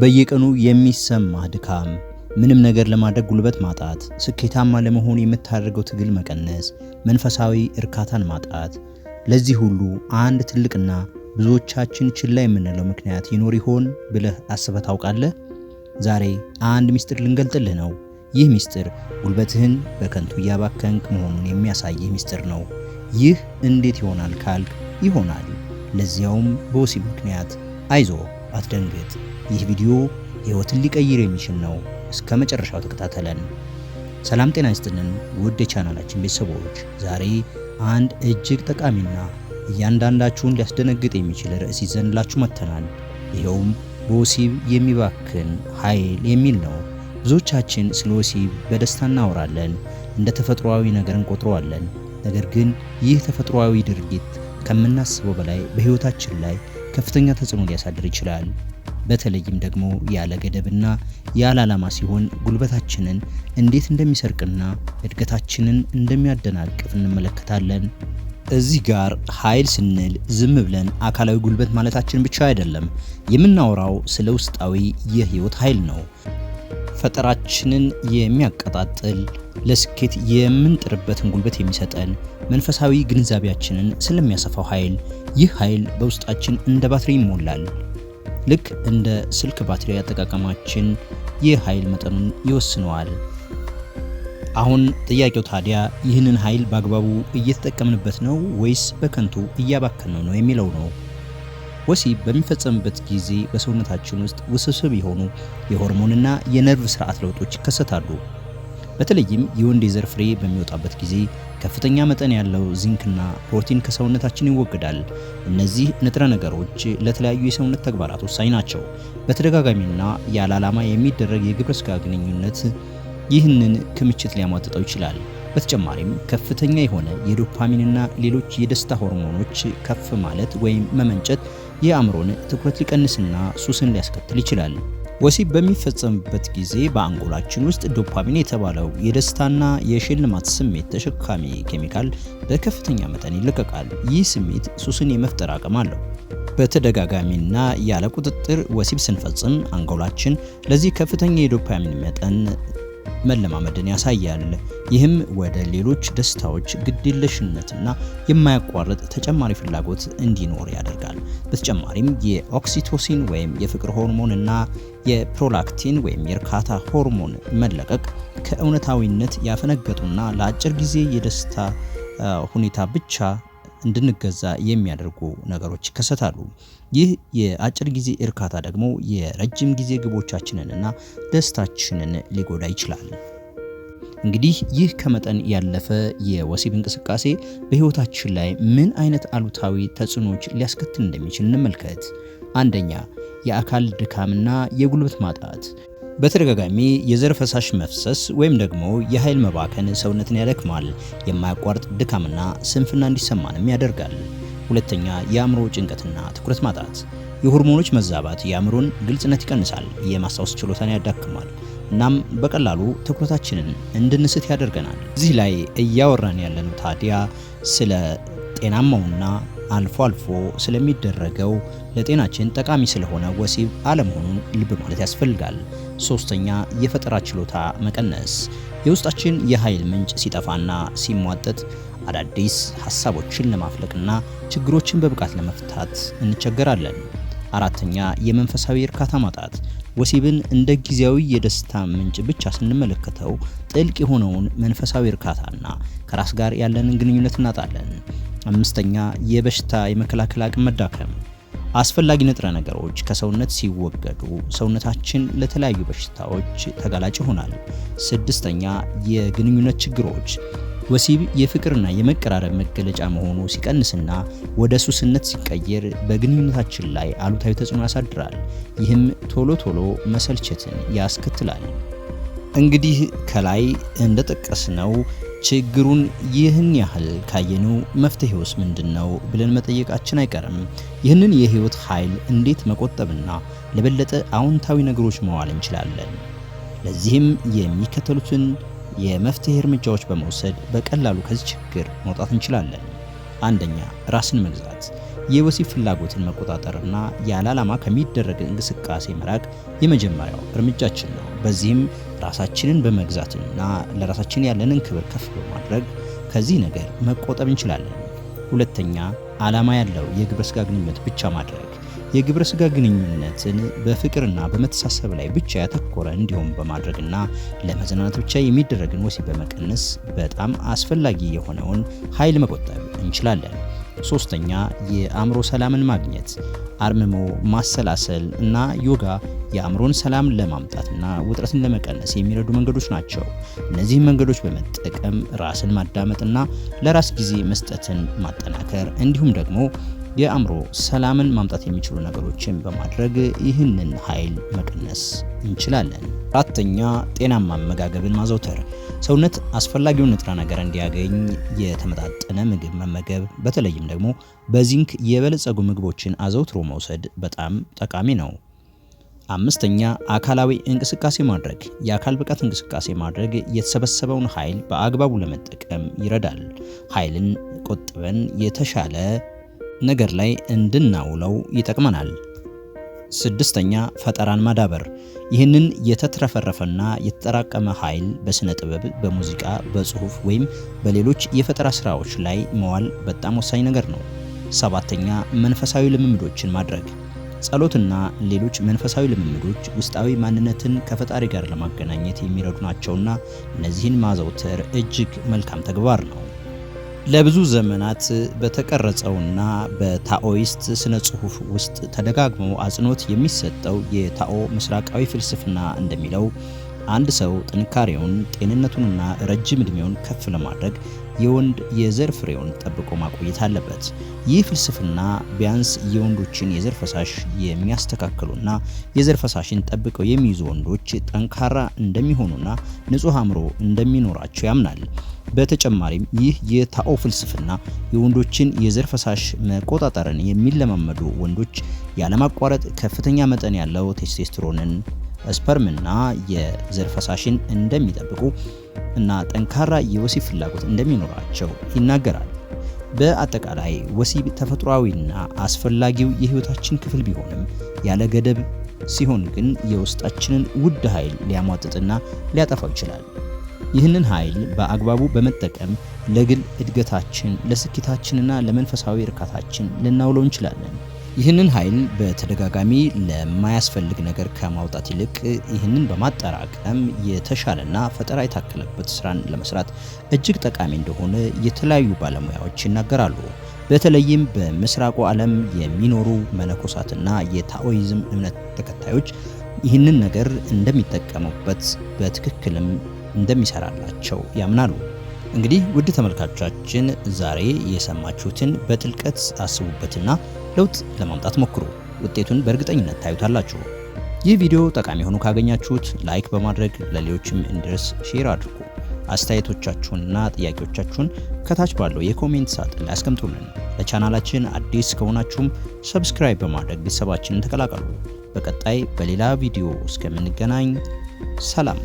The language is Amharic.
በየቀኑ የሚሰማህ ድካም፣ ምንም ነገር ለማድረግ ጉልበት ማጣት፣ ስኬታማ ለመሆን የምታደርገው ትግል መቀነስ፣ መንፈሳዊ እርካታን ማጣት። ለዚህ ሁሉ አንድ ትልቅና ብዙዎቻችን ችላ የምንለው ምክንያት ይኖር ይሆን ብለህ አስበህ ታውቃለህ? ዛሬ አንድ ምስጢር ልንገልጥልህ ነው። ይህ ምስጢር ጉልበትህን በከንቱ እያባከንክ መሆኑን የሚያሳይህ ምስጢር ነው። ይህ እንዴት ይሆናል ካልክ፣ ይሆናል። ለዚያውም በወሲብ ምክንያት። አይዞህ አትደንግጥ። ይህ ቪዲዮ ህይወትን ሊቀይር የሚችል ነው። እስከ መጨረሻው ተከታተለን። ሰላም ጤና ይስጥልን ውድ የቻናላችን ቤተሰቦች፣ ዛሬ አንድ እጅግ ጠቃሚና እያንዳንዳችሁን ሊያስደነግጥ የሚችል ርዕስ ይዘንላችሁ መጥተናል። ይኸውም በወሲብ የሚባክን ኃይል የሚል ነው። ብዙዎቻችን ስለ ወሲብ በደስታ እናወራለን፣ እንደ ተፈጥሯዊ ነገር እንቆጥረዋለን። ነገር ግን ይህ ተፈጥሯዊ ድርጊት ከምናስበው በላይ በህይወታችን ላይ ከፍተኛ ተጽዕኖ ሊያሳድር ይችላል። በተለይም ደግሞ ያለ ገደብና ያለ ዓላማ ሲሆን ጉልበታችንን እንዴት እንደሚሰርቅና እድገታችንን እንደሚያደናቅፍ እንመለከታለን። እዚህ ጋር ኃይል ስንል ዝም ብለን አካላዊ ጉልበት ማለታችን ብቻ አይደለም። የምናወራው ስለ ውስጣዊ የህይወት ኃይል ነው። ፈጠራችንን የሚያቀጣጥል ለስኬት የምንጥርበትን ጉልበት የሚሰጠን መንፈሳዊ ግንዛቤያችንን ስለሚያሰፋው ኃይል። ይህ ኃይል በውስጣችን እንደ ባትሪ ይሞላል። ልክ እንደ ስልክ ባትሪ አጠቃቀማችን የኃይል መጠኑን ይወስነዋል። አሁን ጥያቄው ታዲያ ይህንን ኃይል በአግባቡ እየተጠቀምንበት ነው ወይስ በከንቱ እያባከነው ነው የሚለው ነው። ወሲብ በሚፈጸምበት ጊዜ በሰውነታችን ውስጥ ውስብስብ የሆኑ የሆርሞንና የነርቭ ስርዓት ለውጦች ይከሰታሉ። በተለይም የወንድ የዘር ፍሬ በሚወጣበት ጊዜ ከፍተኛ መጠን ያለው ዚንክና ፕሮቲን ከሰውነታችን ይወገዳል። እነዚህ ንጥረ ነገሮች ለተለያዩ የሰውነት ተግባራት ወሳኝ ናቸው። በተደጋጋሚና ያለ ዓላማ የሚደረግ የግብረ ስጋ ግንኙነት ይህንን ክምችት ሊያሟጥጠው ይችላል። በተጨማሪም ከፍተኛ የሆነ የዶፓሚንና ሌሎች የደስታ ሆርሞኖች ከፍ ማለት ወይም መመንጨት የአእምሮን ትኩረት ሊቀንስና ሱስን ሊያስከትል ይችላል። ወሲብ በሚፈጸምበት ጊዜ በአንጎላችን ውስጥ ዶፓሚን የተባለው የደስታና የሽልማት ስሜት ተሸካሚ ኬሚካል በከፍተኛ መጠን ይለቀቃል። ይህ ስሜት ሱስን የመፍጠር አቅም አለው። በተደጋጋሚና ያለ ቁጥጥር ወሲብ ስንፈጽም አንጎላችን ለዚህ ከፍተኛ የዶፓሚን መጠን መለማመድን ያሳያል። ይህም ወደ ሌሎች ደስታዎች ግድየለሽነትና የማያቋርጥ ተጨማሪ ፍላጎት እንዲኖር ያደርጋል። በተጨማሪም የኦክሲቶሲን ወይም የፍቅር ሆርሞን እና የፕሮላክቲን ወይም የእርካታ ሆርሞን መለቀቅ ከእውነታዊነት ያፈነገጡና ለአጭር ጊዜ የደስታ ሁኔታ ብቻ እንድንገዛ የሚያደርጉ ነገሮች ይከሰታሉ። ይህ የአጭር ጊዜ እርካታ ደግሞ የረጅም ጊዜ ግቦቻችንን ደስታችንን ሊጎዳ ይችላል። እንግዲህ ይህ ከመጠን ያለፈ የወሲብ እንቅስቃሴ በህይወታችን ላይ ምን አይነት አሉታዊ ተጽዕኖዎች ሊያስከትል እንደሚችል እንመልከት። አንደኛ፣ የአካል ድካምና የጉልበት ማጣት። በተደጋጋሚ የዘር ፈሳሽ መፍሰስ ወይም ደግሞ የኃይል መባከን ሰውነትን ያደክማል። የማያቋርጥ ድካምና ስንፍና እንዲሰማንም ያደርጋል። ሁለተኛ፣ የአእምሮ ጭንቀትና ትኩረት ማጣት። የሆርሞኖች መዛባት የአእምሮን ግልጽነት ይቀንሳል፣ የማስታወስ ችሎታን ያዳክማል። እናም በቀላሉ ትኩረታችንን እንድንስት ያደርገናል። እዚህ ላይ እያወራን ያለነው ታዲያ ስለ ጤናማውና አልፎ አልፎ ስለሚደረገው ለጤናችን ጠቃሚ ስለሆነ ወሲብ አለመሆኑን ልብ ማለት ያስፈልጋል። ሶስተኛ የፈጠራ ችሎታ መቀነስ። የውስጣችን የኃይል ምንጭ ሲጠፋና ሲሟጠጥ አዳዲስ ሀሳቦችን ለማፍለቅና ችግሮችን በብቃት ለመፍታት እንቸገራለን። አራተኛ የመንፈሳዊ እርካታ ማጣት። ወሲብን እንደ ጊዜያዊ የደስታ ምንጭ ብቻ ስንመለከተው ጥልቅ የሆነውን መንፈሳዊ እርካታና ከራስ ጋር ያለንን ግንኙነት እናጣለን። አምስተኛ የበሽታ የመከላከል አቅም መዳከም። አስፈላጊ ንጥረ ነገሮች ከሰውነት ሲወገዱ ሰውነታችን ለተለያዩ በሽታዎች ተጋላጭ ይሆናል። ስድስተኛ የግንኙነት ችግሮች ወሲብ የፍቅርና የመቀራረብ መገለጫ መሆኑ ሲቀንስና ወደ ሱስነት ሲቀየር በግንኙነታችን ላይ አሉታዊ ተጽዕኖ ያሳድራል። ይህም ቶሎ ቶሎ መሰልቸትን ያስከትላል። እንግዲህ ከላይ እንደጠቀስነው ችግሩን ይህን ያህል ካየነው መፍትሄውስ ምንድን ነው ብለን መጠየቃችን አይቀርም። ይህንን የህይወት ኃይል እንዴት መቆጠብና ለበለጠ አዎንታዊ ነገሮች መዋል እንችላለን? ለዚህም የሚከተሉትን የመፍትሄ እርምጃዎች በመውሰድ በቀላሉ ከዚህ ችግር መውጣት እንችላለን። አንደኛ፣ ራስን መግዛት፣ የወሲብ ፍላጎትን መቆጣጠርና ያለ ዓላማ ከሚደረግ እንቅስቃሴ መራቅ የመጀመሪያው እርምጃችን ነው። በዚህም ራሳችንን በመግዛትና ለራሳችን ያለንን ክብር ከፍ በማድረግ ከዚህ ነገር መቆጠብ እንችላለን። ሁለተኛ፣ ዓላማ ያለው የግብረ ስጋ ግንኙነት ብቻ ማድረግ የግብረ ስጋ ግንኙነትን በፍቅርና በመተሳሰብ ላይ ብቻ ያተኮረ እንዲሆን በማድረግና ለመዝናናት ብቻ የሚደረግን ወሲብ በመቀነስ በጣም አስፈላጊ የሆነውን ኃይል መቆጠብ እንችላለን። ሶስተኛ፣ የአእምሮ ሰላምን ማግኘት አርምሞ ማሰላሰል እና ዮጋ የአእምሮን ሰላም ለማምጣትና ውጥረትን ለመቀነስ የሚረዱ መንገዶች ናቸው። እነዚህን መንገዶች በመጠቀም ራስን ማዳመጥና ለራስ ጊዜ መስጠትን ማጠናከር እንዲሁም ደግሞ የአእምሮ ሰላምን ማምጣት የሚችሉ ነገሮችን በማድረግ ይህንን ኃይል መቀነስ እንችላለን። አራተኛ ጤናማ አመጋገብን ማዘውተር። ሰውነት አስፈላጊውን ንጥረ ነገር እንዲያገኝ የተመጣጠነ ምግብ መመገብ፣ በተለይም ደግሞ በዚንክ የበለጸጉ ምግቦችን አዘውትሮ መውሰድ በጣም ጠቃሚ ነው። አምስተኛ አካላዊ እንቅስቃሴ ማድረግ። የአካል ብቃት እንቅስቃሴ ማድረግ የተሰበሰበውን ኃይል በአግባቡ ለመጠቀም ይረዳል። ኃይልን ቆጥበን የተሻለ ነገር ላይ እንድናውለው ይጠቅመናል። ስድስተኛ ፈጠራን ማዳበር። ይህንን የተትረፈረፈና የተጠራቀመ ኃይል በሥነ ጥበብ፣ በሙዚቃ፣ በጽሑፍ ወይም በሌሎች የፈጠራ ሥራዎች ላይ መዋል በጣም ወሳኝ ነገር ነው። ሰባተኛ መንፈሳዊ ልምምዶችን ማድረግ ጸሎትና ሌሎች መንፈሳዊ ልምምዶች ውስጣዊ ማንነትን ከፈጣሪ ጋር ለማገናኘት የሚረዱ ናቸውና እነዚህን ማዘውተር እጅግ መልካም ተግባር ነው። ለብዙ ዘመናት በተቀረጸውና በታኦይስት ስነ ጽሑፍ ውስጥ ተደጋግሞ አጽንኦት የሚሰጠው የታኦ ምስራቃዊ ፍልስፍና እንደሚለው አንድ ሰው ጥንካሬውን ጤንነቱንና ረጅም ዕድሜውን ከፍ ለማድረግ የወንድ የዘር ፍሬውን ጠብቆ ማቆየት አለበት። ይህ ፍልስፍና ቢያንስ የወንዶችን የዘር ፈሳሽ የሚያስተካክሉና የዘር ፈሳሽን ጠብቀው የሚይዙ ወንዶች ጠንካራ እንደሚሆኑና ንጹህ አእምሮ እንደሚኖራቸው ያምናል። በተጨማሪም ይህ የታኦ ፍልስፍና የወንዶችን የዘር ፈሳሽ መቆጣጠርን የሚለማመዱ ወንዶች ያለማቋረጥ ከፍተኛ መጠን ያለው ቴስቴስትሮንን ስፐርምና የዘር ፈሳሽን እንደሚጠብቁ እና ጠንካራ የወሲብ ፍላጎት እንደሚኖራቸው ይናገራል። በአጠቃላይ ወሲብ ተፈጥሯዊና አስፈላጊው የህይወታችን ክፍል ቢሆንም ያለ ገደብ ሲሆን ግን የውስጣችንን ውድ ኃይል ሊያሟጥጥና ሊያጠፋው ይችላል። ይህንን ኃይል በአግባቡ በመጠቀም ለግል እድገታችን፣ ለስኬታችንና ለመንፈሳዊ እርካታችን ልናውለው እንችላለን። ይህንን ኃይል በተደጋጋሚ ለማያስፈልግ ነገር ከማውጣት ይልቅ ይህንን በማጠራቀም የተሻለና ፈጠራ የታከለበት ስራን ለመስራት እጅግ ጠቃሚ እንደሆነ የተለያዩ ባለሙያዎች ይናገራሉ። በተለይም በምስራቁ ዓለም የሚኖሩ መነኮሳትና የታኦይዝም እምነት ተከታዮች ይህንን ነገር እንደሚጠቀሙበት በትክክልም እንደሚሰራላቸው ያምናሉ። እንግዲህ ውድ ተመልካቾቻችን ዛሬ የሰማችሁትን በጥልቀት አስቡበትና ለውጥ ለማምጣት ሞክሩ። ውጤቱን በእርግጠኝነት ታዩታላችሁ። ይህ ቪዲዮ ጠቃሚ ሆኖ ካገኛችሁት ላይክ በማድረግ ለሌሎችም እንዲደርስ ሼር አድርጉ። አስተያየቶቻችሁንና ጥያቄዎቻችሁን ከታች ባለው የኮሜንት ሳጥን ላይ አስቀምጡልን። ለቻናላችን አዲስ ከሆናችሁም ሰብስክራይብ በማድረግ ቤተሰባችንን ተቀላቀሉ። በቀጣይ በሌላ ቪዲዮ እስከምንገናኝ ሰላም።